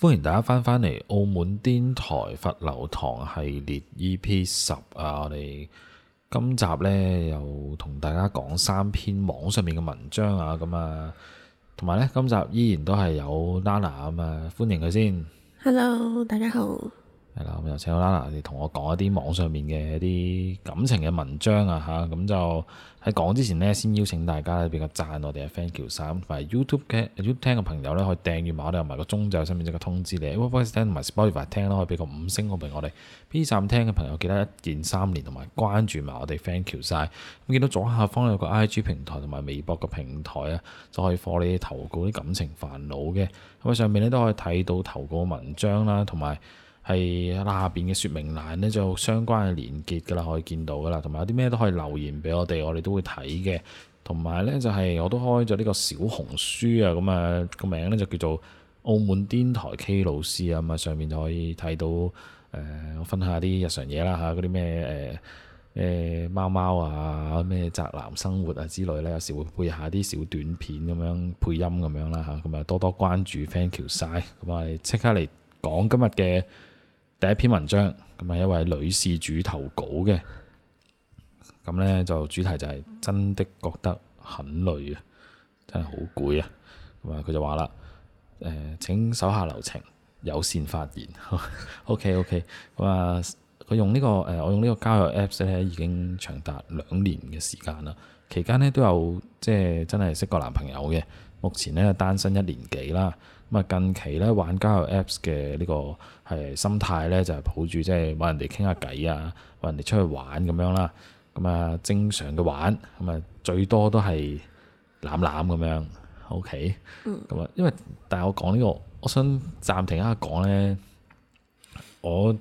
歡迎大家翻返嚟《澳門癲台罰留堂》系列 EP 十啊！我哋今集咧又同大家講三篇網上面嘅文章啊，咁啊，同埋咧今集依然都係有 Nana 啊嘛，歡迎佢先。Hello，大家好。係啦，咁又、嗯、請到啦，Lana 同我講一啲網上面嘅一啲感情嘅文章啊嚇，咁、啊、就喺講之前呢，先邀請大家俾個贊我哋嘅 Thank you 晒。咁埋、啊、YouTube 嘅 YouTube 嘅朋友咧可以訂閱埋我哋，同埋個鐘就上面一個通知你。如果同埋 Spotify 聽咯，可以俾個五星個我俾我哋。B 站聽嘅朋友記得一鍵三連同埋關注埋我哋 Thank you 晒。咁見到左下方有個 IG 平台同埋微博嘅平台啊，就可以幫你投稿啲感情煩惱嘅。咁啊上面咧都可以睇到投稿文章啦，同埋。係下邊嘅說明欄咧就相關嘅連結㗎啦，可以見到㗎啦，同埋有啲咩都可以留言俾我哋，我哋都會睇嘅。同埋咧就係、是、我都開咗呢個小紅書啊，咁啊個名咧就叫做澳門癲台 K 老師啊，咁啊上面就可以睇到誒、呃，我分享啲日常嘢啦嚇，嗰啲咩誒誒貓貓啊，咩宅男生活啊之類咧，有時會配下啲小短片咁樣配音咁樣啦嚇，咁啊多多關注 Thank you 曬，咁啊即刻嚟講今日嘅。第一篇文章咁係一位女事主投稿嘅，咁咧就主題就係真的覺得很累，很累啊，真係好攰啊，咁啊佢就話啦，誒請手下留情，友善發言 ，OK OK，咁啊佢用呢、這個誒、呃、我用個呢個交友 Apps 咧已經長達兩年嘅時間啦，期間咧都有即係真係識過男朋友嘅，目前咧單身一年幾啦。咁啊，近期咧，玩交友 Apps 嘅呢個係心態咧，就係、是、抱住即係揾人哋傾下偈啊，揾人哋出去玩咁樣啦。咁啊，正常嘅玩，咁啊，最多都係攬攬咁樣。O.K. 嗯，咁啊，因為但係我講呢、這個，我想暫停一下講咧。我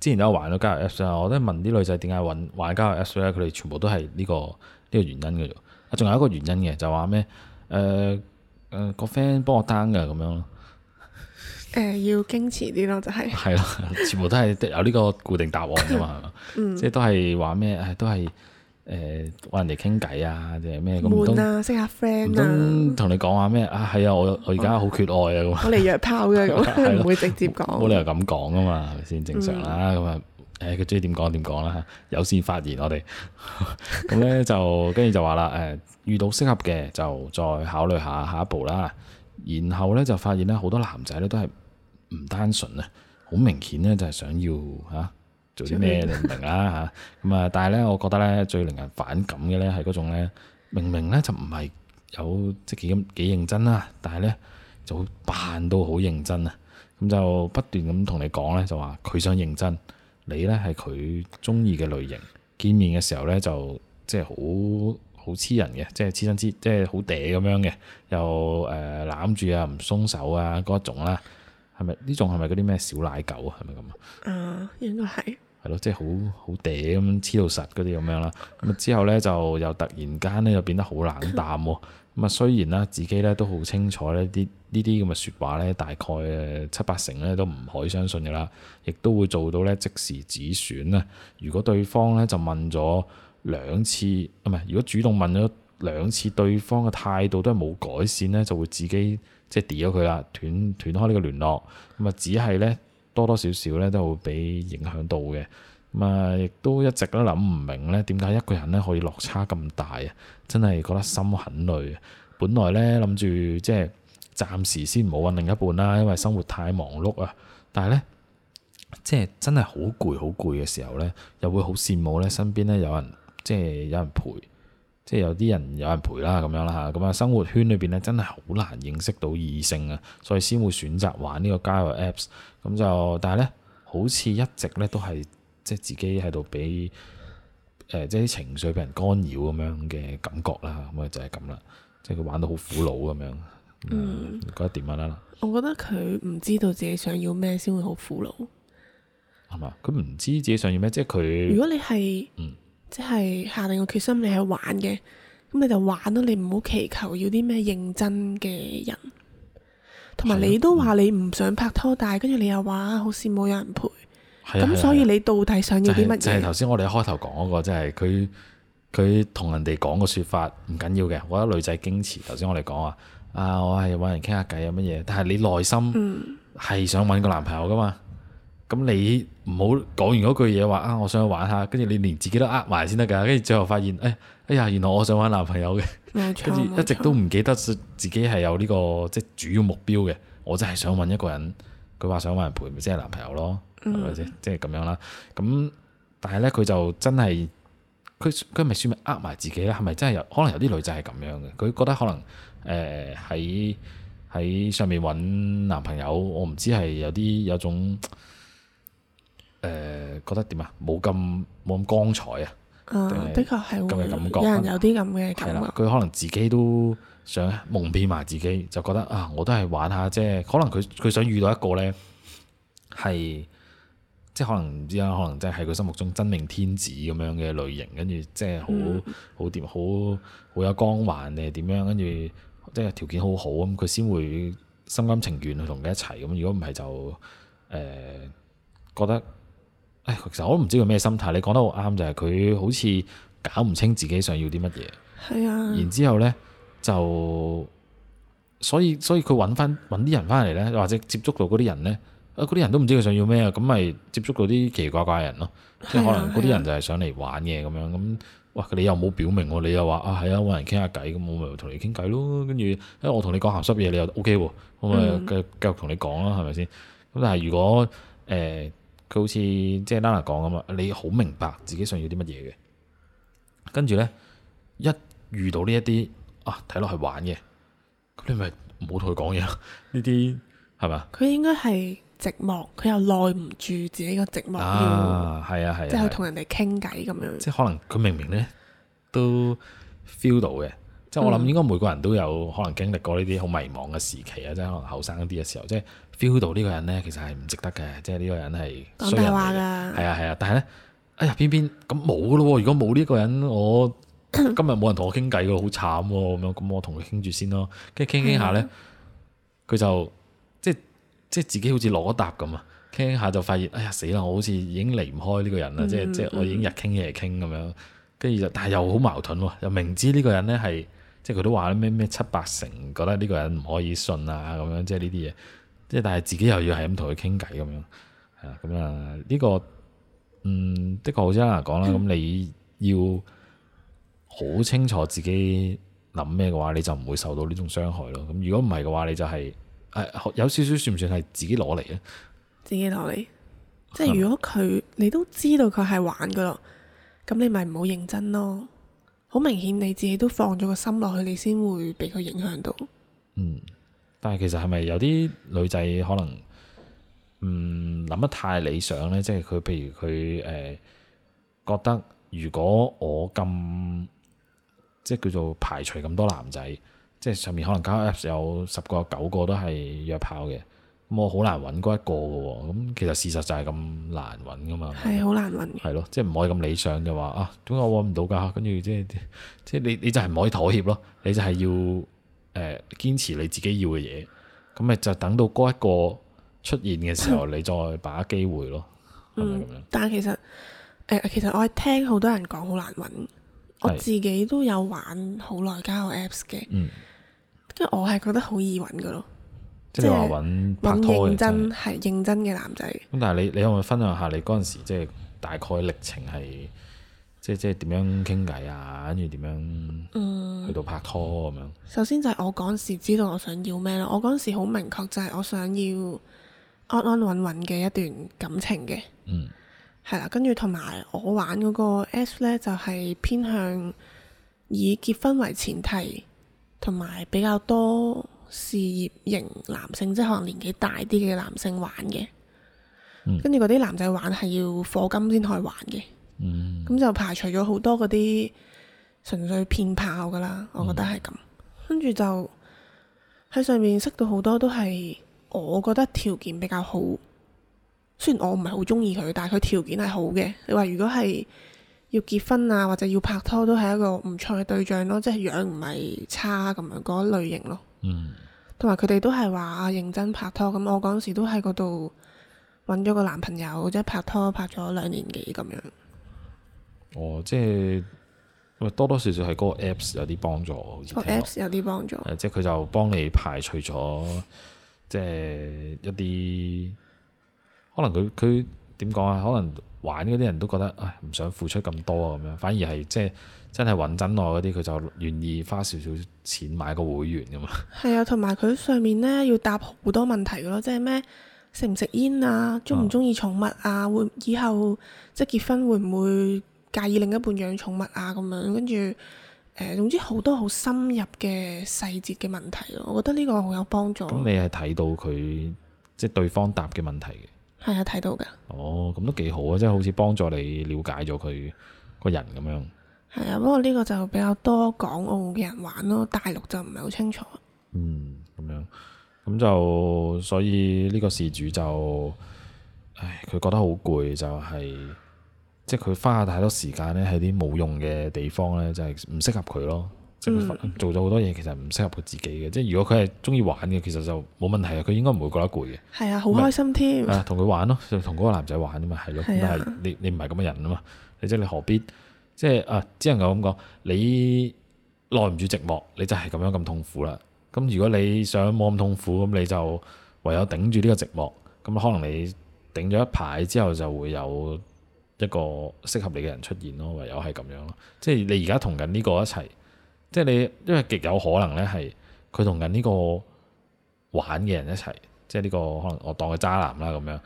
之前都有 s, 玩到交友 Apps 啊，我都問啲女仔點解玩交友 Apps 咧，佢哋全部都係呢、這個呢、這個原因嘅。仲有一個原因嘅，就話、是、咩？誒、呃。誒，個 friend 幫我 down 噶咁樣咯。誒，要矜持啲咯，就係、是。係咯，全部都係有呢個固定答案噶嘛。嗯。即係都係話咩？誒，都係誒，話、呃、人哋傾偈啊，即係咩咁？悶啊，識下 friend 啊。同你講話咩？啊，係啊，我我而家好缺愛啊。咁、哦。樣我嚟約炮嘅咁，唔、 啊、 會直接講。冇理由咁講噶嘛，係咪先正常啦？咁啊、嗯。誒，佢中意點講點講啦，有先發言我哋，咁 咧就跟住就話啦，誒，遇到適合嘅就再考慮下下一步啦。然後咧就發現咧，好多男仔咧都係唔單純啊，好明顯咧就係想要吓做啲咩，你明唔明啊？吓咁啊！但係咧，我覺得咧最令人反感嘅咧係嗰種咧，明明咧就唔係有即係幾咁幾認真啦，但係咧就扮到好認真啊，咁就啊，就不斷咁同你講咧，就話佢想認真。你咧係佢中意嘅類型，見面嘅時候咧就即係好好黐人嘅，即係黐身黐，即係好嗲咁樣嘅，又誒攬住啊唔鬆手啊嗰一種啦，係咪呢種係咪嗰啲咩小奶狗啊，係咪咁啊？啊、嗯，應該係係咯，即係好好嗲咁黐到實嗰啲咁樣啦。咁之後咧就又突然間咧又變得好冷淡喎，哦。咁啊，雖然咧，自己咧都好清楚咧，啲呢啲咁嘅説話咧，大概七八成咧都唔可以相信嘅啦。亦都會做到咧即時止損啦。如果對方咧就問咗兩次，唔係如果主動問咗兩次，對方嘅態度都係冇改善咧，就會自己即係掉咗佢啦，斷、斷開呢個聯絡。咁啊，只係咧多多少少咧都會俾影響到嘅。咁啊，亦都一直都諗唔明咧，點解一個人咧可以落差咁大啊？真係覺得心很累啊。本來咧諗住即係暫時先唔好揾另一半啦，因為生活太忙碌啊。但係咧，即係真係好攰，好攰嘅時候咧，又會好羨慕咧身邊咧有人即係有人陪，即係有啲人有人陪啦咁樣啦嚇。咁啊，生活圈裏邊咧真係好難認識到異性啊，所以先會選擇玩呢個交友 apps。咁就但係咧，好似一直咧都係。即係自己喺度俾誒，即係啲情緒俾人干擾咁樣嘅感覺啦。咁啊、嗯，就係咁啦。即係佢玩到好苦惱咁樣。嗯，你覺得點樣啦？我覺得佢唔知道自己想要咩，先會好苦惱。係嘛？佢唔知自己想要咩，即係佢。如果你係，嗯、即係下定個決心，你係玩嘅，咁你就玩咯、啊。你唔好祈求要啲咩認真嘅人。同埋你都話你唔想拍拖，但係跟住你又話好似冇有人陪。咁、啊嗯、所以你到底想要啲乜嘢？就係頭先我哋開頭講嗰個，即、就是、係佢佢同人哋講個説法唔緊要嘅。我覺得女仔矜持。頭先我哋講話啊，我係揾人傾下偈有乜嘢？但係你內心係想揾個男朋友噶嘛？咁、嗯、你唔好講完嗰句嘢話啊，我想去玩下，跟住你連自己都呃埋先得㗎。跟住最後發現，哎哎呀，原來我想揾男朋友嘅。跟住冇錯一直都唔記得自己係有呢、這個即係、就是、主要目標嘅。我真係想揾一個人，佢話想揾人陪，咪即係男朋友咯。即係咁樣啦。咁但係咧，佢就真係佢佢咪算咪呃埋自己啦？係咪真係有？可能有啲女仔係咁樣嘅。佢覺得可能誒喺喺上面揾男朋友，我唔知係有啲有種誒、呃、覺得點啊，冇咁冇咁光彩啊！啊、嗯，呃、的確係會感覺有人有啲咁嘅感覺。係啦，佢可能自己都想蒙騙埋自己，就覺得啊，我都係玩下啫。可能佢佢想遇到一個呢，係。即係可能唔知啊，可能即係喺佢心目中真命天子咁樣嘅類型，跟住即係好好掂好好有光環你係點樣，跟住即係條件好好咁，佢先會心甘情願去同佢一齊咁。如果唔係就誒、呃、覺得誒，其實我都唔知佢咩心態。你講得、就是、好啱就係佢好似搞唔清自己想要啲乜嘢。係啊、嗯，然之後咧就所以所以佢揾翻揾啲人翻嚟咧，或者接觸到嗰啲人咧。嗰啲、啊、人都唔知佢想要咩啊，咁咪接觸到啲奇奇怪怪嘅人咯，即係可能嗰啲人就係想嚟玩嘅咁樣咁，哇！你又冇表明喎，你又話啊係啊揾人傾下偈咁，我咪同你傾偈咯，跟住誒我同你講鹹濕嘢，你又 O K 喎，咁咪繼續同你講啦，係咪先？咁但係如果誒佢、呃、好似即係 Nana 講咁啊，你好明白自己想要啲乜嘢嘅，跟住咧一遇到呢一啲啊睇落係玩嘅，咁你咪冇同佢講嘢咯，呢啲係咪啊？佢些吧應該係。寂寞，佢又耐唔住自己個寂寞，係啊係啊，即係同人哋傾偈咁樣。即係可能佢明明呢都 feel 到嘅，即係我諗應該每個人都有可能經歷過呢啲好迷茫嘅時期啊，即係可能後生啲嘅時候，即係 feel 到呢個人呢其實係唔值得嘅，即係呢個人係講大話㗎，係啊係啊，但係呢，哎呀，偏偏咁冇咯，如果冇呢個人，我今日冇人同我傾偈嘅，好慘咁樣，咁我同佢傾住先咯，跟住傾傾下呢，佢就。即係自己好似攞答咁啊，傾下就發現，哎呀死啦！我好似已經離唔開呢個人啦，嗯嗯、即係即係我已經日傾夜傾咁樣，跟住就，但係又好矛盾喎，又明知呢個人咧係，即係佢都話咩咩七八成，覺得呢個人唔可以信啊咁樣，即係呢啲嘢，即係但係自己又要係咁同佢傾偈咁樣，係啊，咁啊呢個，嗯，的確好似啱嚟講啦，咁、嗯、你要好清楚自己諗咩嘅話，你就唔會受到呢種傷害咯。咁如果唔係嘅話，你就係、是。誒，有少少算唔算係自己攞嚟咧？自己攞嚟，即係如果佢你都知道佢係玩噶咯，咁你咪唔好認真咯。好明顯你自己都放咗個心落去，你先會俾佢影響到。嗯，但係其實係咪有啲女仔可能，嗯，諗得太理想呢？即係佢，譬如佢誒、呃，覺得如果我咁，即係叫做排除咁多男仔。即係上面可能交友 Apps 有十個九個都係約炮嘅，咁我好難搵嗰一個嘅，咁其實事實就係咁難搵噶嘛，係好是難搵，係咯，即係唔可以咁理想就話啊，點解，我搵唔到噶，跟住即係即係你你就係唔可以妥協咯，你就係要誒堅、呃、持你自己要嘅嘢，咁咪就等到嗰一個出現嘅時候，嗯、你再把握機會咯，咁、嗯、但係其實誒、呃，其實我係聽好多人講好難搵，我自己都有玩好耐交友 Apps 嘅。嗯即我係覺得好易揾噶咯，即係話揾拍拖嘅真係認真嘅男仔。咁但係你你可唔可以分享下你嗰陣時，即係大概歷程係即即點樣傾偈啊？跟住點樣去到拍拖咁樣、嗯？首先就係我嗰陣時知道我想要咩咯。我嗰陣時好明確就係我想要安安穩穩嘅一段感情嘅，嗯，係啦。跟住同埋我玩嗰個 S 咧，就係偏向以結婚為前提。同埋比較多事業型男性，即係可能年紀大啲嘅男性玩嘅，跟住嗰啲男仔玩係要課金先可以玩嘅，咁、嗯、就排除咗好多嗰啲純粹騙炮噶啦，我覺得係咁。跟住、嗯、就喺上面識到好多都係我覺得條件比較好，雖然我唔係好中意佢，但係佢條件係好嘅。你話如果係？要結婚啊，或者要拍拖都係一個唔錯嘅對象咯，即係樣唔係差咁樣嗰類型咯。嗯，同埋佢哋都係話認真拍拖，咁我嗰時都喺嗰度揾咗個男朋友，即係拍拖拍咗兩年幾咁樣。哦，即係，多多少少係嗰個 apps 有啲幫助，個 apps 有啲幫助。即係佢就幫你排除咗，即係一啲可能佢佢。點講啊？可能玩嗰啲人都覺得，唉，唔想付出咁多啊，咁樣。反而係即係真係搵真愛嗰啲，佢就願意花少少錢買個會員咁啊。係啊，同埋佢上面咧要答好多問題咯，即係咩食唔食煙啊，中唔中意寵物啊，嗯、會以後即係結婚會唔會介意另一半養寵物啊咁樣。跟住誒、呃，總之好多好深入嘅細節嘅問題咯。我覺得呢個好有幫助。咁你係睇到佢即係對方答嘅問題嘅？係啊，睇到噶。哦，咁都幾好啊，即係好似幫助你了解咗佢個人咁樣。係啊，不過呢個就比較多港澳嘅人玩咯，大陸就唔係好清楚。嗯，咁樣，咁就所以呢個事主就，唉，佢覺得好攰，就係、係，即係佢花太多時間咧喺啲冇用嘅地方咧，就係唔適合佢咯。嗯、做咗好多嘢，其實唔適合佢自己嘅。即係如果佢係中意玩嘅，其實就冇問題啊。佢應該唔會覺得攰嘅。係啊，好開心添。同佢、啊、玩咯，就同嗰個男仔玩啊嘛，係咯、啊。但係你你唔係咁嘅人啊嘛。你即係你何必即係啊？只能夠咁講，你耐唔住寂寞，你就係咁樣咁痛苦啦。咁如果你想冇咁痛苦，咁你就唯有頂住呢個寂寞。咁可能你頂咗一排之後，就會有一個適合你嘅人出現咯。唯有係咁樣咯。即係你而家同緊呢個一齊。即係你，因為極有可能咧，係佢同緊呢個玩嘅人一齊，即係呢個可能我當佢渣男啦咁樣。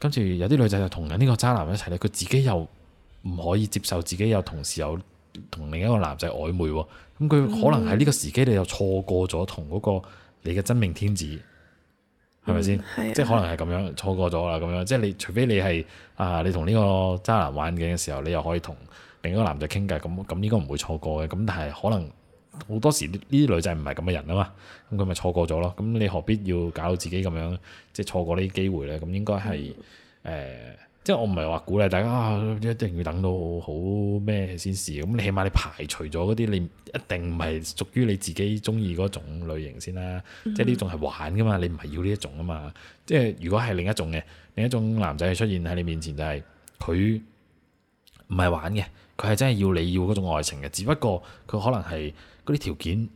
跟住有啲女仔就同緊呢個渣男一齊咧，佢自己又唔可以接受自己又同時又同另一個男仔曖昧，咁佢可能喺呢個時機你又錯過咗同嗰個你嘅真命天子，係咪先？即係可能係咁樣錯過咗啦，咁樣即係你除非你係啊，你同呢個渣男玩嘅時候，你又可以同另一個男仔傾偈，咁咁應該唔會錯過嘅。咁但係可能。好多時呢啲女仔唔係咁嘅人啊嘛，咁佢咪錯過咗咯？咁你何必要搞到自己咁樣，即係錯過呢啲機會咧？咁應該係誒，即係我唔係話鼓勵大家啊，一定要等到好咩先試。咁你起碼你排除咗嗰啲你一定唔係屬於你自己中意嗰種類型先啦。嗯、即係呢種係玩噶嘛，你唔係要呢一種啊嘛。即係如果係另一種嘅，另一種男仔出現喺你面前就係佢唔係玩嘅，佢係真係要你要嗰種愛情嘅，只不過佢可能係。嗰啲條件，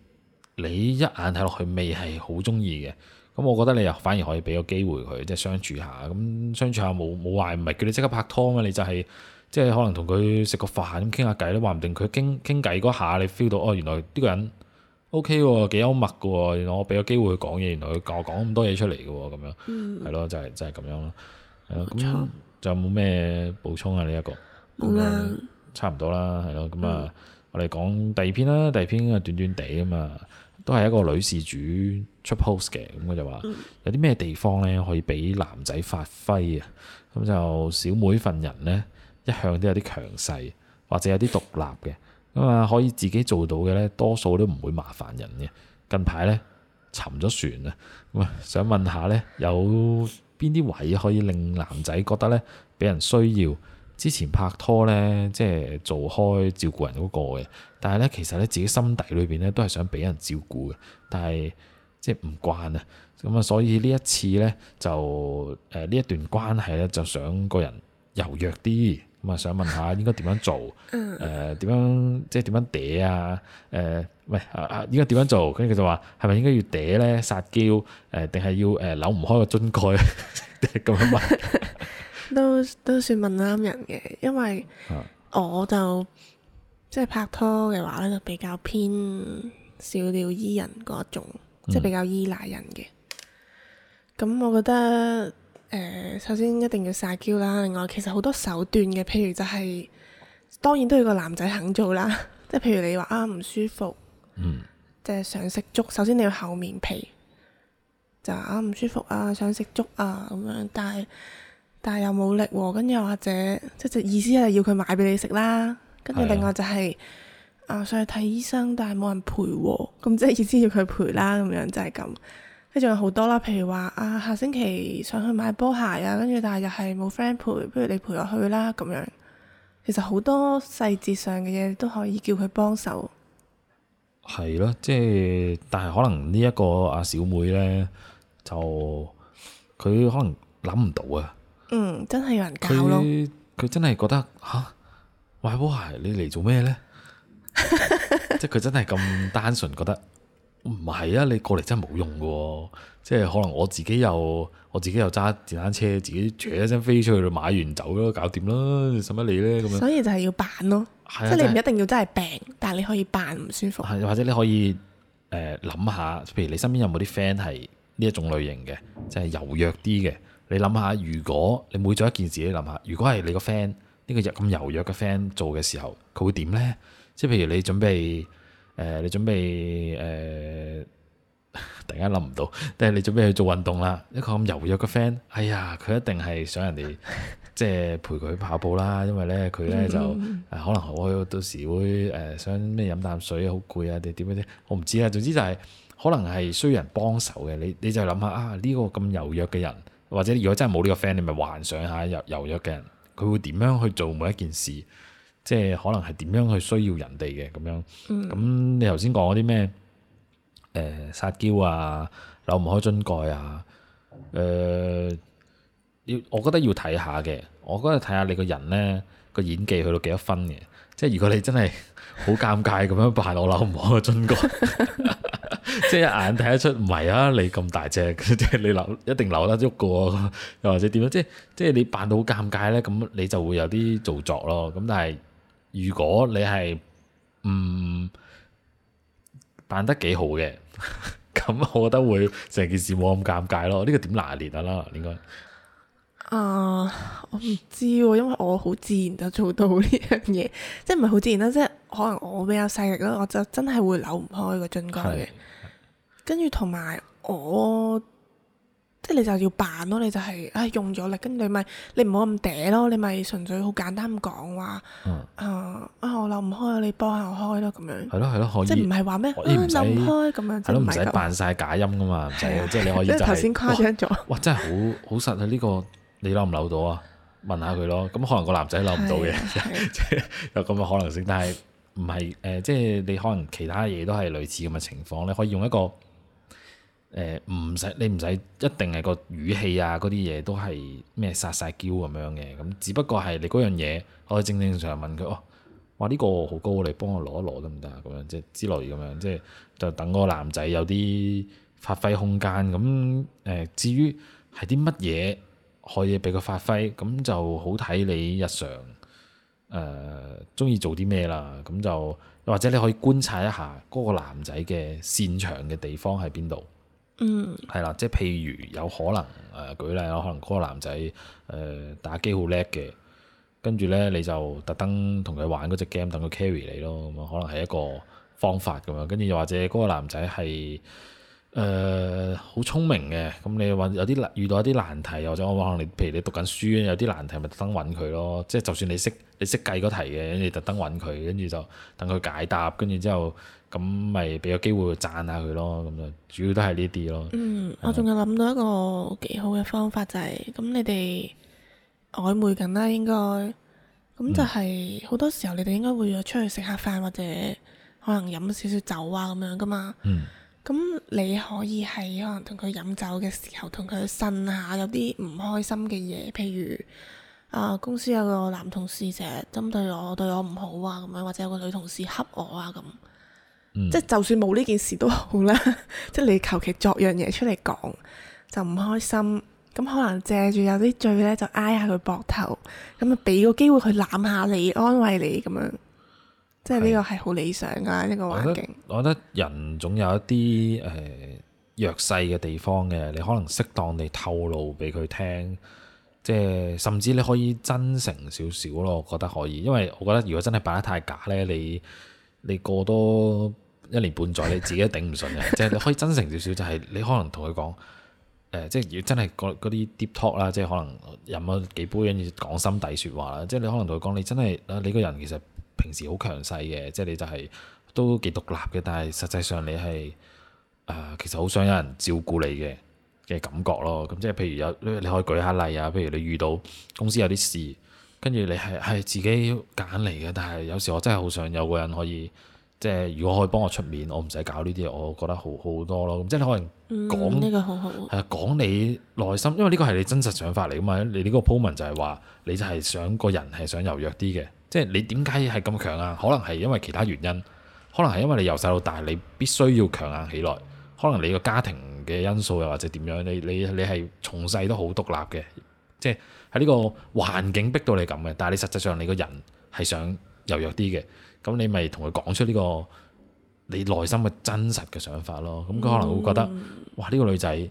你一眼睇落去未係好中意嘅，咁我覺得你又反而可以俾個機會佢，即係相處下。咁相處下冇冇壞，唔係叫你即刻拍拖呀，你就係、是、即係可能同佢食個飯，咁傾下偈咧，話唔定佢傾傾偈嗰下，你 feel 到哦，原來呢個人 OK 喎，幾幽默嘅喎。原來我俾個機會佢講嘢，原來佢教我講咁多嘢出嚟嘅喎，咁樣係咯、嗯，就係、是、就係、是、咁樣咯。咁係咯，就冇咩補充啊？呢、這、一個冇啦，嗯、差唔多啦，係咯，咁啊。嗯嗯嗯。我哋講第二篇啦，第二篇啊短短地啊嘛，都係一個女事主出 post 嘅，咁佢就話有啲咩地方咧可以俾男仔發揮啊？咁就小妹份人咧一向都有啲強勢，或者有啲獨立嘅，咁啊可以自己做到嘅咧，多數都唔會麻煩人嘅。近排咧沉咗船啊，咁啊想問下咧，有邊啲位可以令男仔覺得咧俾人需要？之前拍拖咧，即係做開照顧人嗰個嘅，但係咧，其實咧自己心底裏邊咧都係想俾人照顧嘅，但係即係唔慣啊。咁啊，所以呢一次咧就誒呢、呃、一段關係咧，就想個人柔弱啲，咁啊想問下應該點樣做？嗯、呃，誒點樣即係點樣嗲啊？誒，喂啊啊，應該點樣做？跟住佢就話係咪應該要嗲咧撒嬌？誒，定、呃、係要誒扭唔開個樽蓋咁樣問？ 都都算問啱人嘅，因為我就、啊、即係拍拖嘅話咧，就比較偏小鳥依人嗰一種，嗯、即係比較依賴人嘅。咁我覺得誒、呃，首先一定要撒嬌啦。另外，其實好多手段嘅，譬如就係、是、當然都要個男仔肯做啦。即係譬如你話啊唔舒服，即係、嗯、想食粥。首先你要厚面皮，就啊唔舒服啊，想食粥啊咁樣。但係但係又冇力，跟住又或者即係意思係要佢買俾你食啦。跟住另外就係、是、啊的、呃、上去睇醫生，但係冇人陪，咁即係意思要佢陪啦。咁、就是、樣就係咁。跟住仲有好多啦，譬如話啊下星期想去買波鞋啊，跟住但係又係冇 friend 陪，不如你陪我去啦咁樣。其實好多細節上嘅嘢，都可以叫佢幫手。係咯，即係但係可能呢一個阿小妹咧，就佢可能諗唔到啊。嗯，真係有人教咯。佢佢真係覺得嚇，喂，波鞋你嚟做咩呢？即係佢真係咁單純覺得唔係啊！你過嚟真係冇用嘅喎。即係可能我自己又我自己又揸電單車，自己啜一聲飛出去買完走咯，搞掂啦，使乜你呢？咁樣？所以就係要扮咯，即係你唔一定要真係病，但係你可以扮唔舒服。或者你可以誒諗下，譬如你身邊有冇啲 friend 係呢一種類型嘅，即係柔弱啲嘅。你諗下，如果你，你每做一件事，你諗下，如果係你個 friend 呢個咁柔弱嘅 friend 做嘅時候，佢會點呢？即係譬如你準備誒、呃，你準備誒、呃，突然間諗唔到，但係你準備去做運動啦。一個咁柔弱嘅 friend，哎呀，佢一定係想人哋即係陪佢跑步啦。因為咧，佢咧 就可能我到時會誒想咩飲啖水，好攰啊，定點樣啫？我唔知啊。總之就係可能係需要人幫手嘅。你你就諗下啊，呢個咁柔弱嘅人。或者如果真係冇呢個 friend，你咪幻想下有遊約嘅人，佢會點樣去做每一件事？即係可能係點樣去需要人哋嘅咁樣。咁、嗯、你頭先講嗰啲咩？誒、呃、撒嬌啊，扭唔開樽蓋啊，誒、呃、要，我覺得要睇下嘅。我覺得睇下你個人咧個演技去到幾多分嘅。即係如果你真係。好尷尬咁樣扮我扭唔開個樽蓋，俊哥， 即係一眼睇得出唔係啊！你咁大隻，即係你扭一定扭得喐過，又或者點樣？即係即係你扮到好尷尬咧，咁你就會有啲做作咯。咁但係如果你係唔扮得幾好嘅，咁我覺得會成件事冇咁尷尬咯。呢個點拿捏得啦，應該。啊！我唔知喎，因為我好自然就做到呢樣嘢，即係唔係好自然啦，即係可能我比較細力啦，我就真係會扭唔開個樽蓋嘅。跟住同埋我，即係你就要扮咯，你就係啊用咗力。跟住咪你唔好咁嗲咯，你咪純粹好簡單咁講話啊啊！我扭唔開，你幫下我開咯咁樣。係咯係咯，即係唔係話咩啊？扭唔開咁樣。係咯，唔使扮晒假音噶嘛，即係即係你可以就即頭先誇張咗。哇！真係好好實啊！呢個。你攞唔攞到啊？問下佢咯。咁可能個男仔攞唔到嘅，即係 有咁嘅可能性。但係唔係誒？即係你可能其他嘢都係類似咁嘅情況咧。你可以用一個誒，唔、呃、使你唔使一定係個語氣啊，嗰啲嘢都係咩撒曬嬌咁樣嘅。咁只不過係你嗰樣嘢，可以正正常常問佢哦。話呢、呢個好高，你幫我攞一攞得唔得啊？咁樣即係之類咁樣，即係就等個男仔有啲發揮空間。咁誒、呃，至於係啲乜嘢？可以俾佢發揮，咁就好睇你日常誒中意做啲咩啦。咁就或者你可以觀察一下嗰個男仔嘅擅長嘅地方喺邊度。嗯，係啦，即係譬如有可能誒、呃，舉例可能嗰個男仔誒、呃、打機好叻嘅，跟住咧你就特登同佢玩嗰隻 game，等佢 carry 你咯。咁啊，可能係一個方法咁樣。跟住又或者嗰個男仔係，誒好、呃、聰明嘅，咁你話有啲難遇到一啲難題，或者我可能你譬如你讀緊書，有啲難題咪特登揾佢咯。即係就算你識你識計嗰題嘅，你特登揾佢，跟住就等佢解答，跟住之後咁咪俾個機會去讚下佢咯。咁樣主要都係呢啲咯。嗯，我仲有諗到一個幾好嘅方法就係，咁你哋曖昧緊啦，應該咁就係好多時候你哋應該會出去食下飯或者可能飲少少酒啊咁樣噶嘛。嗯。咁你可以係可能同佢飲酒嘅時候，同佢呻下有啲唔開心嘅嘢，譬如啊公司有個男同事成日針對我，對我唔好啊咁樣，或者有個女同事恰我啊咁，嗯、即係就算冇呢件事都好啦，即係你求其作樣嘢出嚟講就唔開心，咁可能借住有啲醉咧就挨下佢膊頭，咁啊俾個機會佢攬下你，安慰你咁樣。即係呢個係好理想嘅呢是個環境我。我覺得人總有一啲誒、呃、弱勢嘅地方嘅，你可能適當地透露俾佢聽，即係甚至你可以真誠少少咯。我覺得可以，因為我覺得如果真係扮得太假呢，你你過多一年半載，你自己都頂唔順嘅。 即係你可以真誠少少，就係、是、你可能同佢講即係如果真係嗰嗰啲 deep talk 啦，即係可能飲咗幾杯先至講心底説話啦。即係你可能同佢講，你真係你個人其實。平時好強勢嘅，即係你就係都幾獨立嘅，但係實際上你係誒、呃、其實好想有人照顧你嘅嘅感覺咯。咁即係譬如有，你可以舉下例啊。譬如你遇到公司有啲事，跟住你係係自己揀嚟嘅，但係有時我真係好想有個人可以，即係如果可以幫我出面，我唔使搞呢啲，我覺得好好多咯。咁即係可能講呢、嗯這個好好係講你內心，因為呢個係你真實想法嚟噶嘛。你呢個 po 文就係話，你就係想個人係想柔弱啲嘅。即係你點解係咁強硬？可能係因為其他原因，可能係因為你由細到大你必須要強硬起來，可能你個家庭嘅因素又或者點樣，你你你係從細都好獨立嘅，即係喺呢個環境逼到你咁嘅。但係你實際上你個人係想柔弱啲嘅，咁你咪同佢講出呢個你內心嘅真實嘅想法咯。咁佢可能會覺得，嗯、哇呢、呢個女仔，誒、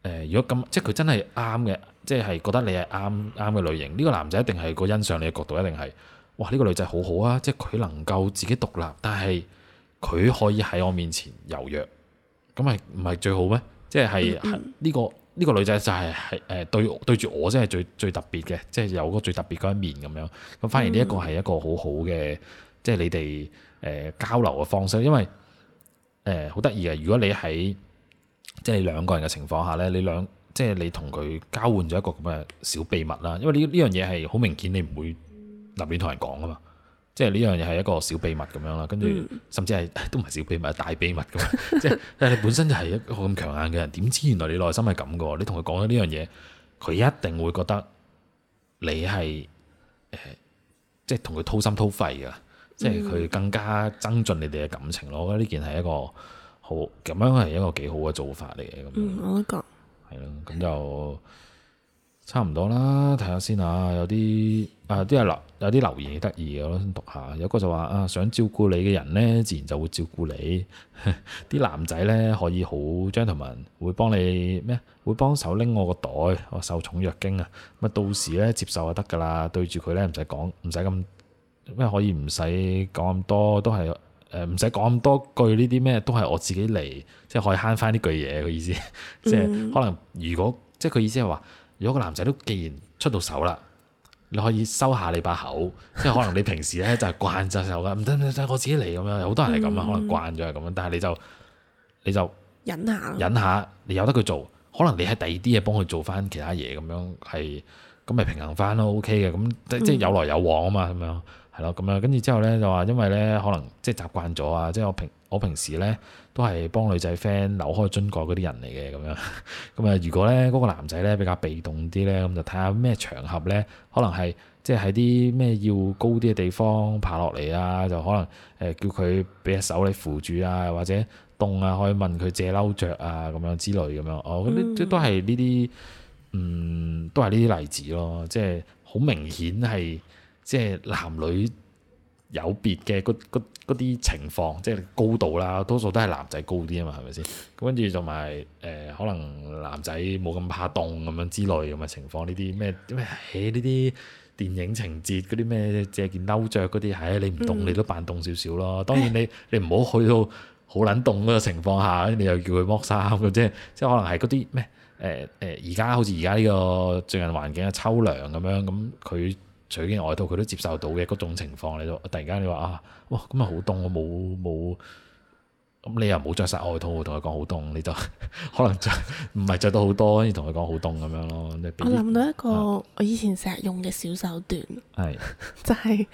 呃、如果咁即係佢真係啱嘅，即係覺得你係啱啱嘅類型，呢、呢個男仔一定係個欣賞你嘅角度一定係。哇！呢個女仔好好啊，即係佢能夠自己獨立，但係佢可以喺我面前柔弱，咁係唔係最好咩？即係係呢個呢個女仔就係係誒對對住我，先係最最特別嘅，即係有嗰最特別嗰一面咁樣。咁反而呢一個係一個好好嘅，即係、嗯、你哋誒交流嘅方式。因為誒好得意啊。如果你喺即係你兩個人嘅情況下咧，你兩即係、就是、你同佢交換咗一個咁嘅小秘密啦。因為呢呢樣嘢係好明顯，你唔會。立亂同人講㗎嘛，即係呢樣嘢係一個小秘密咁樣啦，跟住、嗯、甚至係都唔係小秘密，係大秘密噶嘛。 即係你本身就係一個咁強硬嘅人，點知原來你內心係咁噶？你同佢講咗呢樣嘢，佢一定會覺得你係、呃、即係同佢掏心掏肺噶，即係佢更加增進你哋嘅感情咯。我覺得呢件係一個好咁樣係一個幾好嘅做法嚟嘅咁樣，嗯，我都覺係咯，咁就。差唔多啦，睇下先嚇。有啲誒啲係流有啲留言得意嘅，我先讀下。有個就話啊，想照顧你嘅人呢，自然就會照顧你。啲 男仔呢，可以好 gentleman，會幫你咩？會幫手拎我個袋，我受寵若驚啊！咁到時呢，接受就得噶啦。對住佢呢，唔使講，唔使咁咩可以唔使講咁多，都係誒唔使講咁多句呢啲咩，都係我自己嚟，即係可以慳翻呢句嘢嘅意思、即係。即係、嗯、可能如果即係佢意思係話。如果個男仔都既然出到手啦，你可以收下你把口，即係可能你平時咧 就係慣就手㗎，唔得唔得，我自己嚟咁樣。好多人係咁啊，可能慣咗係咁，但係你就、嗯、你就忍下，忍下你由得佢做，可能你喺第二啲嘢幫佢做翻其他嘢咁樣，係咁咪平衡翻都 O K 嘅。咁、OK 嗯、即係有來有往啊嘛，咁樣係咯，咁樣跟住之後咧就話，因為咧可能即係習慣咗啊，即係我平。我平時咧都係幫女仔 friend 扭開樽蓋嗰啲人嚟嘅咁樣，咁啊如果咧嗰個男仔咧比較被動啲咧，咁就睇下咩場合咧，可能係即係喺啲咩要高啲嘅地方爬落嚟啊，就可能誒叫佢俾隻手你扶住啊，或者凍啊，可以問佢借褸着啊，咁樣之類咁樣，哦咁啲都都係呢啲，嗯都係呢啲例子咯，即係好明顯係即係男女。有別嘅嗰啲情況，即係高度啦，多數都係男仔高啲啊嘛，係咪先？咁跟住同埋誒，可能男仔冇咁怕凍咁樣之類咁嘅情況，呢啲咩咩？誒呢啲電影情節嗰啲咩借件褸着嗰啲，係、哎、你唔凍、嗯、你都扮凍少少咯。當然你你唔好去到好撚凍嗰個情況下，你又叫佢剝衫咁，即係即係可能係嗰啲咩誒誒而家好似而家呢個最近環境嘅秋涼咁樣咁佢。嗯隨件外套佢都接受到嘅嗰種情況你就，突然間你話啊，哇咁啊好凍，我冇冇咁你又冇着晒外套，同佢講好凍，你就可能着唔係着到好多，跟住同佢講好凍咁樣咯。我諗到一個我以前成日用嘅小手段，係、啊、就係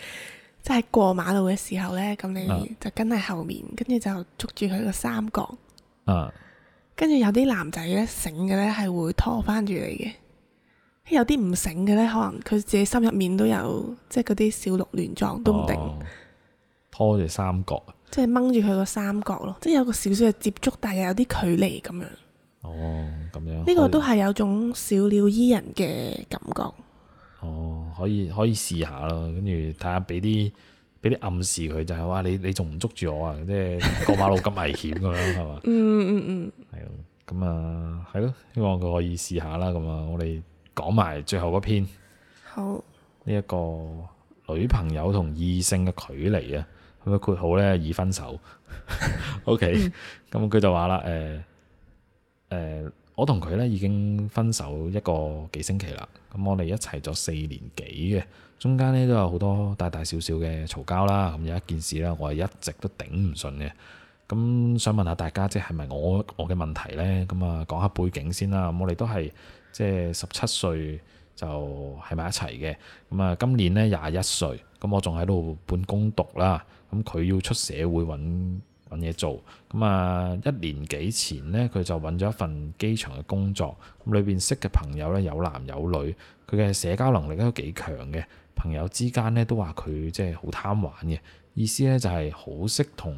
即係過馬路嘅時候呢，咁、啊、你就跟喺後面，跟住就捉住佢個三角，啊，跟住有啲男仔呢，醒嘅呢係會拖翻住你嘅。有啲唔醒嘅咧，可能佢自己心入面都有，即係嗰啲小鹿亂撞都唔定，哦、拖住三角，即係掹住佢個三角咯，即係有個少少嘅接觸，但係有啲距離咁樣。哦，咁樣呢個都係有種小鳥依人嘅感覺。哦，可以可以試下咯，跟住睇下俾啲俾啲暗示佢，就係話你你仲唔捉住我啊？即係過馬路咁危險咁樣係嘛？嗯嗯嗯，係咁啊，係咯，希望佢可以試下啦。咁啊，我哋。講埋最後嗰篇，好，呢一個女朋友同異性嘅距離啊，咁啊，包括好咧易分手。OK，咁佢就話啦，誒、呃、誒、呃，我同佢咧已經分手一個幾星期啦，咁我哋一齊咗四年幾嘅，中間咧都有好多大大小小嘅嘈交啦，咁有一件事啦，我係一直都頂唔順嘅，咁想問下大家是是，即係咪我我嘅問題咧？咁啊，講下背景先啦，咁我哋都係。即係十七歲就喺埋一齊嘅，咁啊今年咧廿一歲，咁我仲喺度半工讀啦，咁佢要出社會揾揾嘢做，咁啊一年幾前咧佢就揾咗一份機場嘅工作，咁裏邊識嘅朋友咧有男有女，佢嘅社交能力都幾強嘅，朋友之間咧都話佢即係好貪玩嘅，意思咧就係好識同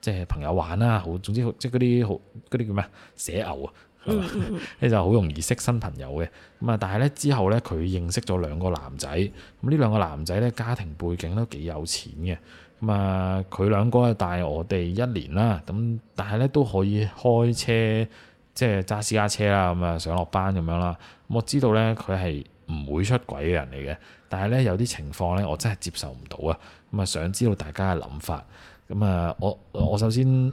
即係朋友玩啦，好總之即係嗰啲好啲叫咩啊，社牛啊！呢就好容易識新朋友嘅，咁啊！但係咧之後咧，佢認識咗兩個男仔，咁呢兩個男仔咧，家庭背景都幾有錢嘅，咁啊，佢兩個啊大我哋一年啦，咁但係咧都可以開車，即係揸私家車啦，咁啊上落班咁樣啦。我知道咧佢係唔會出軌嘅人嚟嘅，但係咧有啲情況咧，我真係接受唔到啊！咁啊，想知道大家嘅諗法，咁啊，我我首先。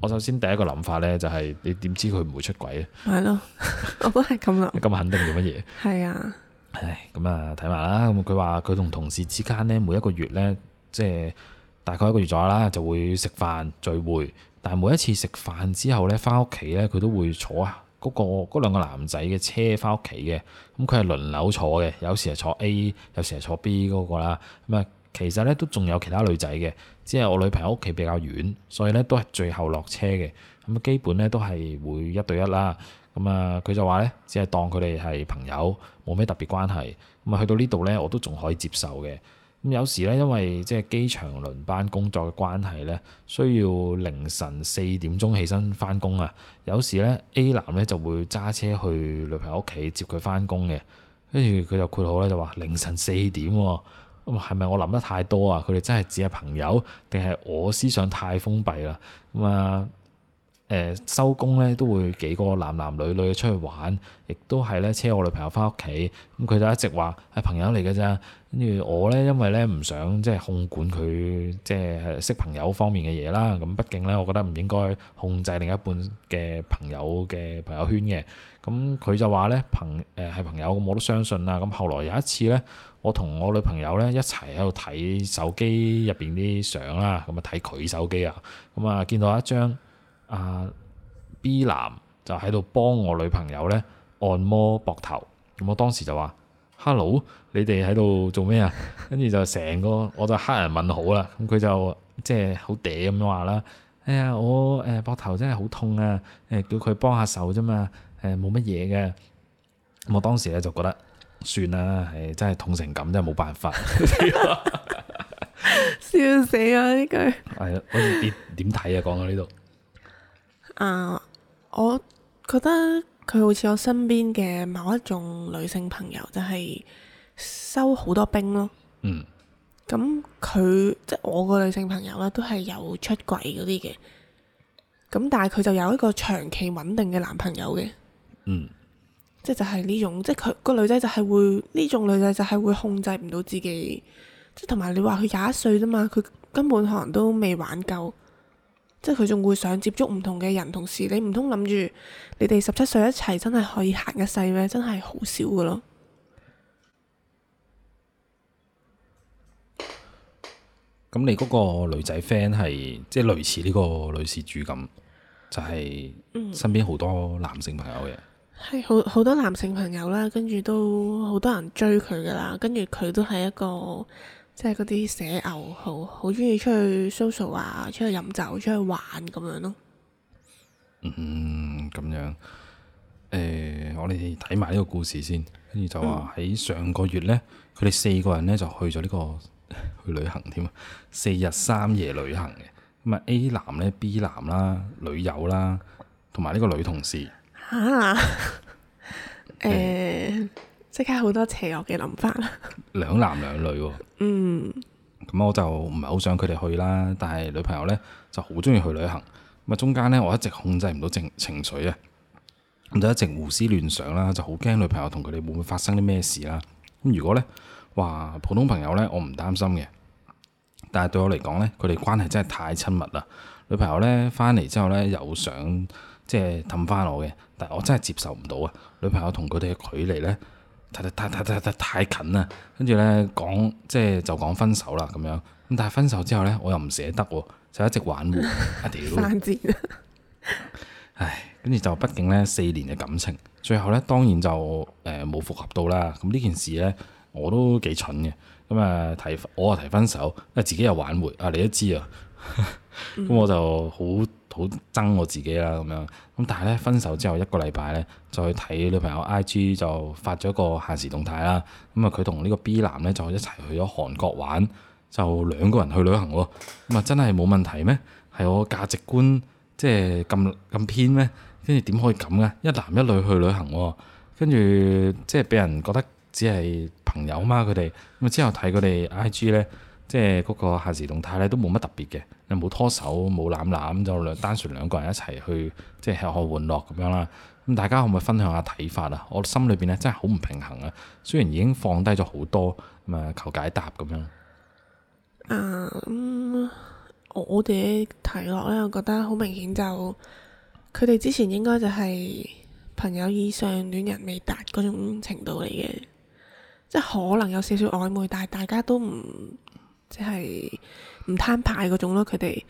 我首先第一個諗法咧，就係你點知佢唔會出軌啊？ 係 咯樂，我都係咁諗。咁肯定做乜嘢？係 啊。唉，咁啊睇埋啦。咁佢話佢同同事之間咧，每一個月咧，即係大概一個月左右啦，就會食飯聚會。但每一次食飯之後咧，翻屋企咧，佢都會坐嗰個嗰兩個男仔嘅車翻屋企嘅。咁佢係輪流坐嘅，有時係坐 A，有時係坐 B 嗰個啦。咁啊，其實咧都仲有其他女仔嘅。即係我女朋友屋企比較遠，所以咧都係最後落車嘅。咁基本咧都係會一對一啦。咁啊，佢就話咧，只係當佢哋係朋友，冇咩特別關係。咁啊，去到呢度咧，我都仲可以接受嘅。咁有時咧，因為即係機場輪班工作嘅關係咧，需要凌晨四點鐘起身返工啊。有時咧，A 男咧就會揸車去女朋友屋企接佢返工嘅。跟住佢就括號咧就話凌晨四點喎、哦。咁係咪我諗得太多啊？佢哋真係只係朋友，定係我思想太封閉啦？咁啊，誒收工咧都會幾個男男女女出去玩，亦都係咧車我女朋友翻屋企。咁佢就一直話係、哎、朋友嚟嘅啫。跟住我咧，因為咧唔想即係控管佢即係識朋友方面嘅嘢啦。咁畢竟咧，我覺得唔應該控制另一半嘅朋友嘅朋友圈嘅。咁佢就話咧朋誒係朋友，咁、呃、我都相信啦。咁後來有一次咧。我同我女朋友咧一齊喺度睇手機入邊啲相啦，咁啊睇佢手機啊，咁啊見到一張啊 B 男就喺度幫我女朋友咧按摩膊頭，咁我當時就話：Hello，你哋喺度做咩啊？跟住就成個我就黑人問號啦，咁佢就即係好嗲咁樣話啦：哎呀，我誒膊頭真係好痛啊，誒叫佢幫下手啫嘛，誒冇乜嘢嘅。咁我當時咧就覺得。算啦，係真係痛成咁，真係冇辦法。笑死啦！呢句係啊，好似點點睇啊？講到呢度啊，我覺得佢好似我身邊嘅某一種女性朋友，就係收好多兵咯。嗯，咁佢即係我個女性朋友咧，都係有出軌嗰啲嘅。咁但係佢就有一個長期穩定嘅男朋友嘅。嗯。即就係呢種，即佢、個女仔就係會呢種女仔就係會控制唔到自己，即同埋你話佢廿一歲啫嘛，佢根本可能都未玩夠，即係佢仲會想接觸唔同嘅人。同時，你唔通諗住你哋十七歲一齊真係可以行一世咩？真係好少噶咯。咁你嗰個女仔 friend 係即係類似呢個女事主咁，就係、是、身邊好多男性朋友嘅。係好好多男性朋友啦，跟住都好多人追佢噶啦，跟住佢都係一個即係嗰啲社牛，好好中意出去 social 啊，出去飲酒，出去玩咁樣咯。嗯，咁樣，誒、呃，我哋睇埋呢個故事先，跟住就話喺上個月咧，佢哋、嗯、四個人咧就去咗呢、呢個去旅行添啊，四日三夜旅行嘅，咁啊 A 男咧、B 男啦、女友啦，同埋呢個女同事。吓！誒、啊，即刻好多邪惡嘅諗法啦。兩 男兩女喎。嗯。咁我就唔係好想佢哋去啦，但係女朋友咧就好中意去旅行。咁啊，中間咧我一直控制唔到情情緒啊，咁就一直胡思亂想啦，就好驚女朋友同佢哋會唔會發生啲咩事啦。咁如果咧，哇，普通朋友咧，我唔擔心嘅。但係對我嚟講咧，佢哋關係真係太親密啦。女朋友咧翻嚟之後咧又想。嗯即係氹返我嘅，但我真係接受唔到啊！女朋友同佢哋嘅距離咧，太太太太太近啦，跟住咧講，即係就講分手啦咁樣。咁但係分手之後咧，我又唔捨得喎，就一直挽回。一屌、 哎！唉，跟住就畢竟咧四年嘅感情，最後咧當然就誒冇復合到啦。咁呢件事咧我都幾蠢嘅。咁啊提我啊提分手，因為自己又挽回啊，你都知啊。咁 我就好。好憎我自己啦咁樣，咁但係咧分手之後一個禮拜咧，再睇女朋友 I G 就發咗個限時動態啦。咁啊，佢同呢個 B 男咧就一齊去咗韓國玩，就兩個人去旅行喎。咁啊，真係冇問題咩？係我價值觀即係咁咁偏咩？跟住點可以咁嘅？一男一女去旅行喎，跟住即係俾人覺得只係朋友嘛？佢哋咁啊，之後睇佢哋 I G 咧。即係嗰個限時動態咧，都冇乜特別嘅，又冇拖手冇攬攬，就兩單純兩個人一齊去即係吃喝玩樂咁樣啦。咁大家可唔可以分享下睇法啊？我心裏邊咧真係好唔平衡啊。雖然已經放低咗好多咁啊，求解答咁樣。啊、嗯，咁我哋睇落咧，我覺得好明顯就佢哋之前應該就係朋友以上戀人未達嗰種程度嚟嘅，即係可能有少少曖昧，但係大家都唔，即係唔攤牌嗰種咯，佢哋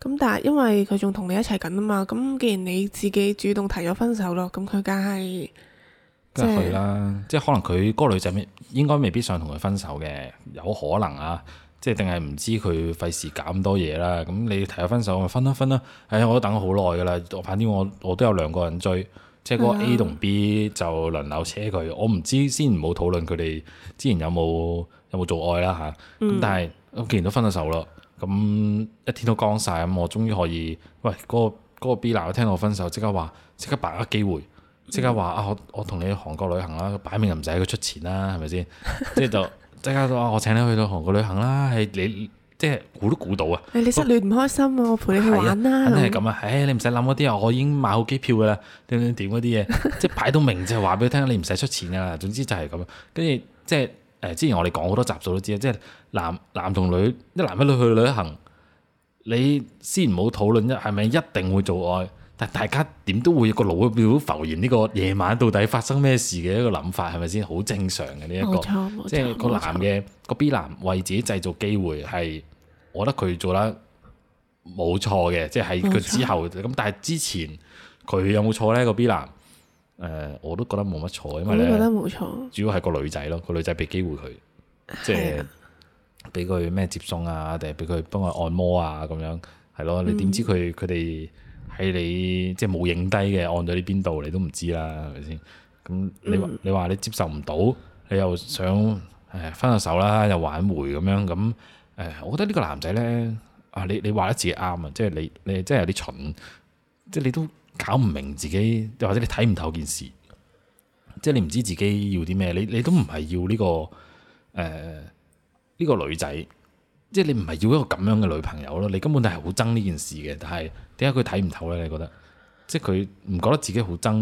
咁，但係因為佢仲同你一齊緊啊嘛，咁既然你自己主動提咗分手咯，咁佢梗係即係啦，即係可能佢嗰個女仔未應該未必想同佢分手嘅，有可能啊，即係定係唔知佢費事搞咁多嘢啦。咁你提咗分手我分一分一分一，咪分啦分啦。唉，我都等咗好耐㗎喇，反正我我都有兩個人追，即係嗰個 A 同 B 就輪流車佢。是啊、我唔知先，唔好討論佢哋之前有冇。有冇做愛啦嚇？咁、嗯、但係既然都分咗手咯，咁一天都光晒。咁，我終於可以喂嗰、嗰個嗰、嗰個 B 男，聽到我分手即刻話，即刻擺個機會，即刻話啊，我我同你， 你去韓國旅行啦，擺明唔使佢出錢啦，係咪先？即係就即刻都話我請你去到韓國旅行啦，係你即係估都估到啊！你失戀唔開心啊，我，我陪你去玩啦，肯定係咁啊！誒，你唔使諗嗰啲啊，我已經買好機票噶啦，點點點嗰啲嘢，即係 擺到明就話俾佢聽，你唔使出錢噶啦。總之就係咁，跟住即係。之前我哋講好多集數都知啦，即係男男同女，一男一女去旅行，你先唔好討論一係咪一定會做愛，但大家點都會個腦會表浮現呢個夜晚到底發生咩事嘅一個諗法，係咪先？好正常嘅呢一個，即係個男嘅個錯 B 男為自己製造機會，係我覺得佢做得冇錯嘅，即係喺佢之後咁，錯但係之前佢有冇錯呢？個 B 男。誒、呃，我都覺得冇乜錯，因為你覺得冇錯，主要係個女仔咯，個女仔俾機會佢，即係俾佢咩接送啊，定係俾佢幫佢按摩啊，咁樣係咯。你點知佢佢哋喺你即係冇影低嘅按咗啲邊度，你都唔知啦，係咪先？咁你你話你接受唔到，你又想誒、 哎、分咗手啦，又挽回咁樣咁誒、哎？我覺得呢個男仔咧啊，你你話得自己啱啊，即係你你、你真係有啲蠢，即係你都。搞唔明自己，或者你睇唔透件事，即係你唔知自己要啲咩，你你都唔係要呢個誒呢個女仔，即係你唔係要一個咁樣嘅女朋友咯，你根本都係好憎呢件事嘅。但係點解佢睇唔透咧？你覺得，即係佢唔覺得自己好憎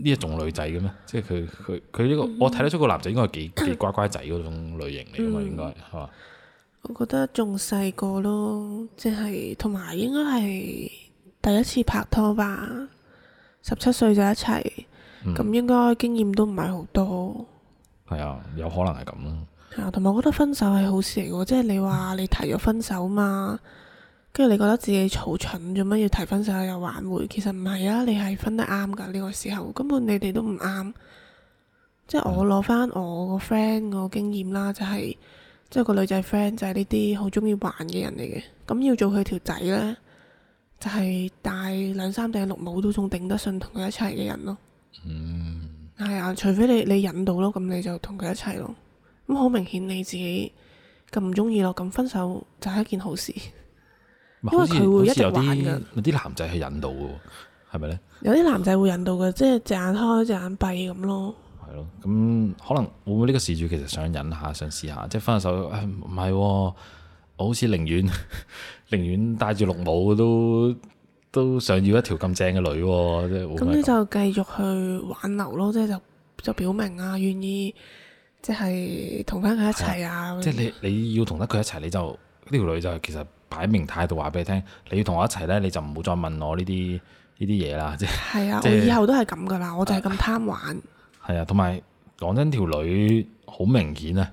呢一種女仔嘅咩？嗯、即係佢佢佢呢個，我睇得出個男仔應該係幾幾乖乖仔嗰種類型嚟噶嘛，嗯、應該係嘛？我覺得仲細個咯，即係同埋應該係。第一次拍拖吧，十七歲就一齊，咁，嗯，應該經驗都唔係好多。係啊，有可能係咁咯。係啊，同埋我覺得分手係好事嚟嘅，即係你話你提咗分手嘛，跟住你覺得自己好蠢做乜要提分手又挽回？其實唔係啊，你係分得啱噶呢個時候，根本你哋都唔啱。即係我攞翻我個 friend 個經驗啦，就係即係個女仔 friend 就係呢啲好中意玩嘅人嚟嘅，咁要做佢條仔呢。就係戴兩三頂綠帽都仲頂得順，同佢一齊嘅人咯。嗯，係啊、哎，除非你你引導咯，咁你就同佢一齊咯。咁、嗯、好明顯你自己咁唔中意咯，咁分手就係一件好事。因為佢會一玩嘅，有啲男仔係引導嘅，係咪呢？有啲男仔會引導嘅，即係隻眼開隻眼閉咁咯。係咯，咁可能會唔會呢個事主其實想引下，想試下，即係分手？誒、哎，唔係、哦。我好似寧願寧願戴住綠帽都都想要一條咁正嘅女喎，即係咁你就繼續去挽留咯，即係就就表明啊，願意即係同返佢一齊啊！啊麼即係你你要同得佢一齊，你就呢條、這個、女就其實擺明態度話俾你聽，你要同我一齊咧，你就唔好再問我呢啲呢啲嘢啦，即係係啊，是我以後都係咁㗎啦，我就係咁貪玩。係啊，同埋講真，條、這個、女好明顯啊，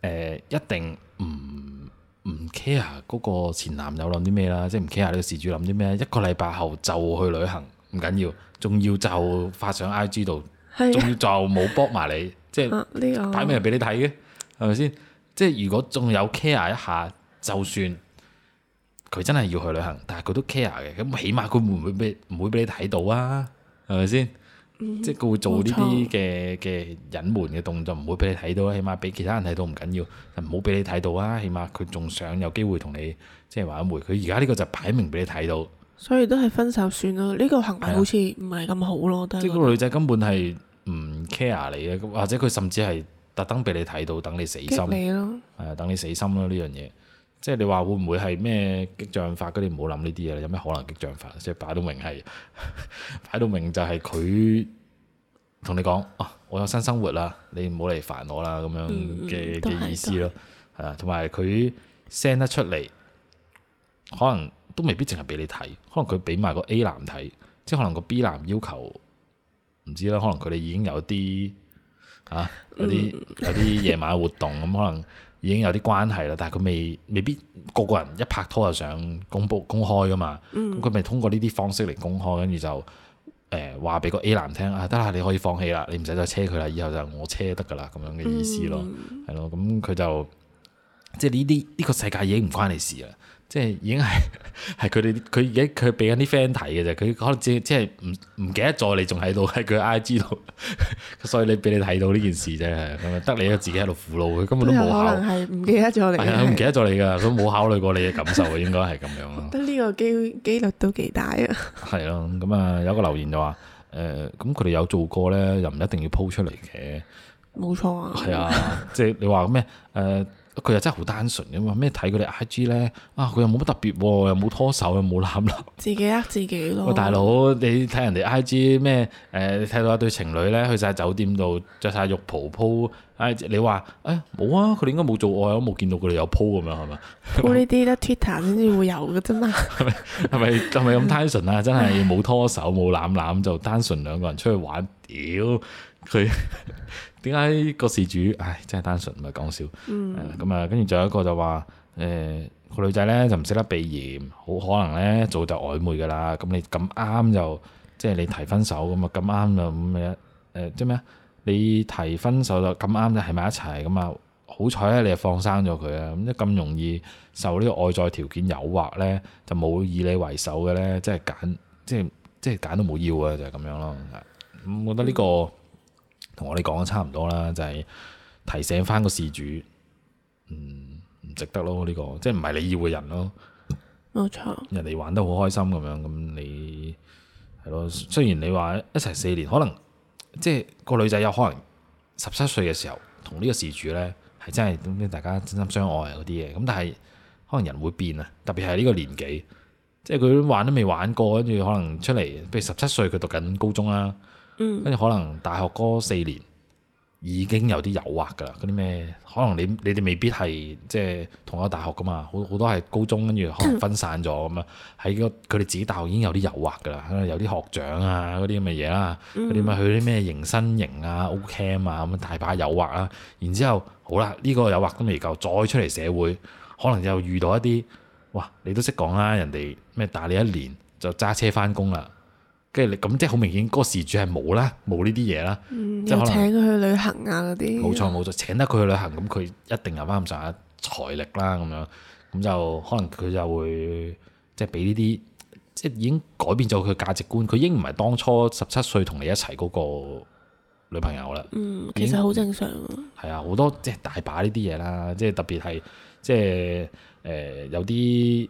誒、呃、一定。唔唔 care 嗰個前男友諗啲咩啦，即係唔 care 你個事主諗啲咩，一個禮拜後就去旅行，唔緊要，仲要就發上 IG 度，仲要就冇 block 埋你，啊、即係擺明係俾你睇嘅，係咪先？即係如果仲有 care 一下，就算佢真係要去旅行，但係佢都 care 嘅，咁起碼佢唔會俾唔會俾你睇到啊，係咪先？即係佢會做呢啲嘅嘅隱瞞嘅動作，唔會俾你睇到。起碼俾其他人睇到唔緊要，唔好俾你睇到啊！起碼佢仲想有機會同你即係玩一回。佢而家呢個就擺明俾你睇到，所以都係分手算啦。呢個行為好似唔係咁好咯，我覺得。即係嗰個女仔根本係唔 care 你嘅，或者佢甚至係特登俾你睇到，等你死心。激你咯！係啊，等你死心咯呢樣嘢。即係你話會唔會係咩激將法？嗰啲唔好諗呢啲嘢，有咩可能激將法？即係擺到明係擺到明就，就係佢同你講：，哦，我有新生活啦，你唔好嚟煩我啦，咁樣嘅嘅意思咯。係啊、嗯，同埋佢 send 得出嚟，可能都未必淨係俾你睇，可能佢俾埋個 A 男睇，即係可能個 B 男要求唔知啦，可能佢哋已經有啲啊啲嗰啲夜晚活動咁可能。嗯 已經有啲關係啦，但係佢未未必個個人一拍拖就想公布公開噶嘛，咁佢咪通過呢啲方式嚟公開，跟住就誒話俾個 A 男聽啊，得啦你可以放棄啦，你唔使再車佢啦，以後就我車得噶啦，咁樣嘅意思咯，係咯、嗯，咁佢就即係呢啲呢個世界已經唔關你事啦。即係已經係係佢哋，佢而家佢俾緊啲 friend 睇嘅啫。佢可能只即係唔唔記得咗你仲喺度喺佢 IG 度，所以你俾你睇到呢件事啫。咁啊，得你自己喺度苦惱佢，根本都冇可能係唔記得咗你。係啊，唔記得咗你㗎，佢冇考慮過你嘅感受啊，應該係咁樣。得呢 個機機率都幾大啊！係咯，咁啊有個留言就話誒，咁佢哋有做過咧，又唔一定要鋪出嚟嘅。冇錯啊。係啊的， 即係你話咩誒？呃佢又真係好單純嘅嘛，咩睇佢哋 I G 咧？啊，佢又冇乜特別、啊，又冇拖手，又冇攬攬，自己呃自己咯。喂、哎，大佬，你睇人哋 I G 咩？誒、呃，睇到一對情侶咧，去晒酒店度着晒浴袍鋪。誒，你話誒冇啊？佢哋應該冇做愛，我冇見到佢哋有鋪咁樣，係咪？鋪呢啲得 Twitter 先至會有嘅，真啊！係咪係咪係咪咁單純啊？真係冇拖手冇攬攬，就單純兩個人出去玩。屌佢！點解個事主？唉，真係單純，唔係講笑。咁啊、嗯，跟住仲有一個就話，誒、呃、個女仔咧就唔識得避嫌，好可能咧一早就曖昧噶啦。咁你咁啱就即係你提分手咁啊，咁啱就咁樣誒即咩啊？你提分手就咁啱就喺埋一齊咁啊！好彩咧，你就放生咗佢啊。咁一咁容易受呢個外在條件誘惑咧，就冇以你為首嘅咧，即係揀即即揀都冇要啊！就係、是、咁樣咯。咁我覺得呢、呢個。嗯同我哋講得差唔多啦，就係提醒翻個事主，唔，嗯，唔值得咯呢個，即係唔係你要嘅人咯。冇錯。人哋玩得好開心咁樣，咁你係咯。雖然你話一齊四年，可能即係個女仔有可能十七歲嘅時候同呢個事主咧，係真係點大家真心相愛嗰啲嘢。咁但係可能人會變啊，特別係呢個年紀，即係佢玩都未玩過，跟住可能出嚟，譬如十七歲佢讀緊高中啦。跟住、嗯、可能大學嗰四年已經有啲誘惑噶啦，嗰啲咩可能你你哋未必係即係同一個大學噶嘛，好好多係高中跟住可能分散咗咁啊，喺個佢哋自己大學已經有啲誘惑噶啦，有啲學長啊嗰啲咁嘅嘢啦，嗰啲乜去啲咩迎新營啊 O Camp 啊咁大把誘惑啊，然之後好啦，呢、呢個誘惑都未夠，再出嚟社會可能又遇到一啲，哇你都識講啦，人哋咩大你一年就揸車翻工啦。跟住你咁即係好明顯，嗰個事主係冇啦，冇呢啲嘢啦。即係請佢去旅行啊嗰啲。冇錯冇錯，請得佢去旅行，咁佢一定有翻咁上下財力啦咁樣，咁就可能佢就會即係俾呢啲，即係已經改變咗佢嘅價值觀。佢已經唔係當初十七歲同你一齊嗰個女朋友啦。嗯，其實好正常。係啊，好多即係大把呢啲嘢啦，即係特別係即係誒、呃、有啲。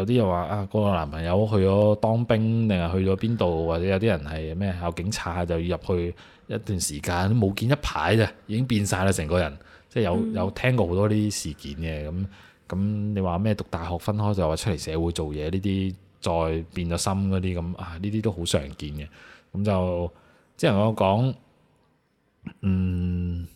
有啲又話啊，個男朋友去咗當兵，定係去咗邊度，或者有啲人係咩有警察就要入去一段時間，冇見一排啫，已經變晒啦，成個人，即係有有聽過好多呢啲事件嘅。咁咁你話咩讀大學分開就話出嚟社會做嘢呢啲，再變咗心嗰啲咁啊，呢啲都好常見嘅，咁就即係我講，嗯，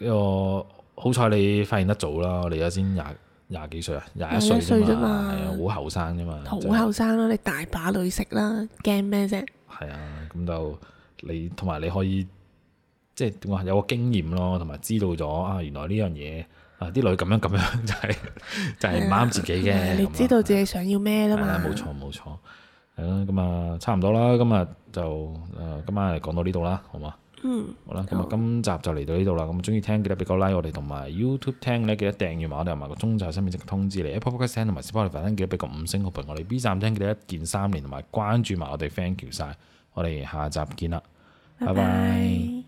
我好彩你發現得早啦，我哋有先廿廿幾歲，歲，歲啊，廿一歲啫嘛，啊，好後生啫嘛，好後生啦。你大把女食啦，驚咩啫？係啊，咁就你同埋你可以即係點話有個經驗咯，同埋知道咗啊，原來呢、啊、樣嘢啊啲女咁樣咁樣就係、是、就係唔啱自己嘅。對你知道自己想要咩啦嘛？冇錯冇錯，係啦。咁啊、嗯，差唔多啦。今日就誒、呃，今晚嚟講到呢度啦，好嘛？好啦，咁啊，今集就嚟到呢度啦。咁中意聽記得俾個 like，我哋同埋 YouTube 聽咧記得訂閱埋我哋同埋個鐘仔，新片即刻通知你。Apple Podcast 同埋 Spotify 記得俾個五星好評我哋。 我 B 站聽記得一鍵三連同埋關注埋我哋 Thank you 晒。我哋下集見啦，拜拜 bye。Bye bye